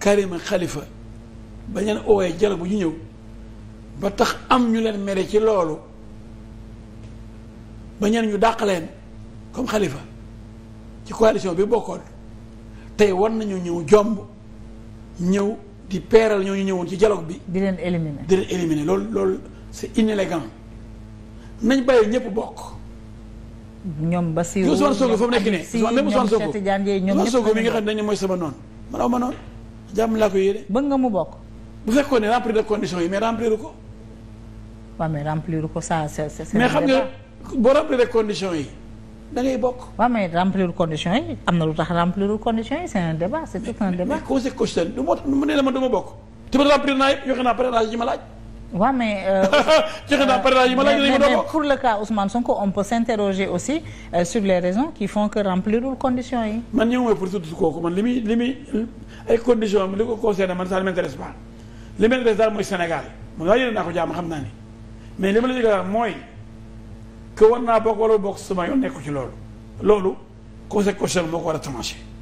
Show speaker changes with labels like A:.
A: Karim xalifa Khalifa ba ñu oowee jala bu ñu ñëw ba tax am ñu leen mere ci loolu ba ñeen ñu dàq leen comme xalifa ci coalition bi bokkoon tey war nañu ñëw jomb ñëw di peeral ñoo ñu ñëwoon ci dialogue bi. di leen éliminer di lool éliminer loolu loolu c'est inélégant nañ bàyyi ñëpp bokk. ñoom Bassirou ñoom Ousmane Sonko fa mu nekk nii. si ñoom Cheikh Tidiane
B: Dieye ñoom nga xam ne
A: dañ ne mooy sama noonu man aw ma noonu. jàmm laa ko yéene. bëgg nga mu bokk. bu fekkoon ne remplir de conditions yi mais remplir ko.
B: waaw mais ko ça c'est c'est mais xam nga
A: boo remplir de conditions yi
B: da ngay bokk. waaw mais na lu tax remplir conditions yi c'est un débat ma
A: ne la du ma bokk. te ba remplir naa yëpp joxe naa parrainage ji ma laaj. waaw mais joxe naa parrainage yi ma laaj nañu ko
B: pour le cas Ousmane Sonko on peut s'interroger aussi euh,
A: sur les raisons qui font que remplirul conditions yi. man ñëwuma pour surtout kooku man li muy li muy euh, ay conditions am ko concerne man ça ne m'intéresse pas li m'intéresse daal mooy Sénégal man waaye yéen naa xam naa ni mais li ma la ñu ko mooy que war naa bokk wala bokk sama yoon nekku ci loolu loolu conseil constitutionnel moo ko war a tranché.